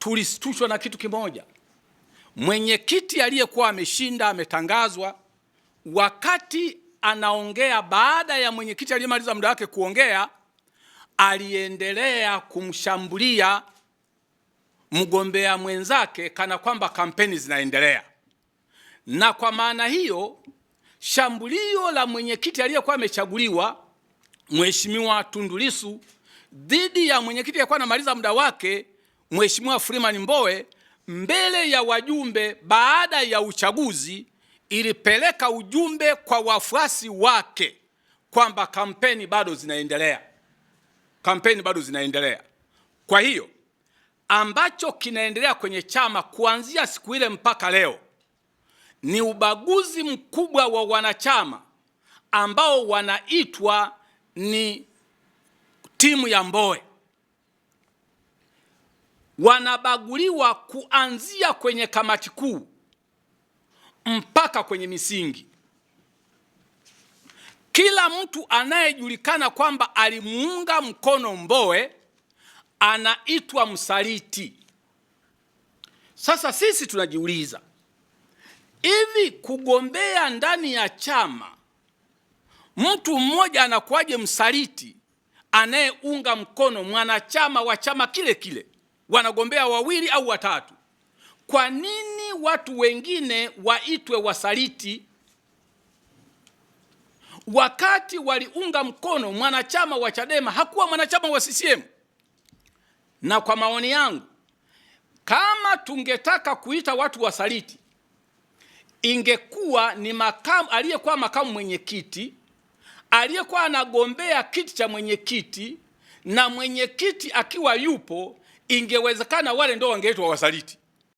tulistushwa na kitu kimoja. Mwenyekiti aliyekuwa ameshinda ametangazwa, wakati anaongea, baada ya mwenyekiti aliyemaliza muda wake kuongea, aliendelea kumshambulia mgombea mwenzake kana kwamba kampeni zinaendelea, na kwa maana hiyo shambulio la mwenyekiti aliyekuwa amechaguliwa Mheshimiwa Tundu Lissu dhidi ya mwenyekiti aliyekuwa anamaliza muda wake Mheshimiwa Freeman Mbowe mbele ya wajumbe baada ya uchaguzi ilipeleka ujumbe kwa wafuasi wake kwamba kampeni bado zinaendelea, kampeni bado zinaendelea. Kwa hiyo ambacho kinaendelea kwenye chama kuanzia siku ile mpaka leo ni ubaguzi mkubwa wa wanachama ambao wanaitwa ni timu ya Mbowe wanabaguliwa kuanzia kwenye kamati kuu mpaka kwenye misingi. Kila mtu anayejulikana kwamba alimuunga mkono Mbowe anaitwa msaliti. Sasa sisi tunajiuliza, hivi kugombea ndani ya chama mtu mmoja anakuwaje msaliti anayeunga mkono mwanachama wa chama kile kile? wanagombea wawili au watatu. Kwa nini watu wengine waitwe wasaliti wakati waliunga mkono? Mwanachama wa Chadema hakuwa mwanachama wa CCM. Na kwa maoni yangu, kama tungetaka kuita watu wasaliti, ingekuwa ni makamu aliyekuwa makamu mwenyekiti aliyekuwa anagombea kiti cha mwenyekiti na mwenyekiti akiwa yupo ingewezekana wale ndio wangeitwa wasaliti.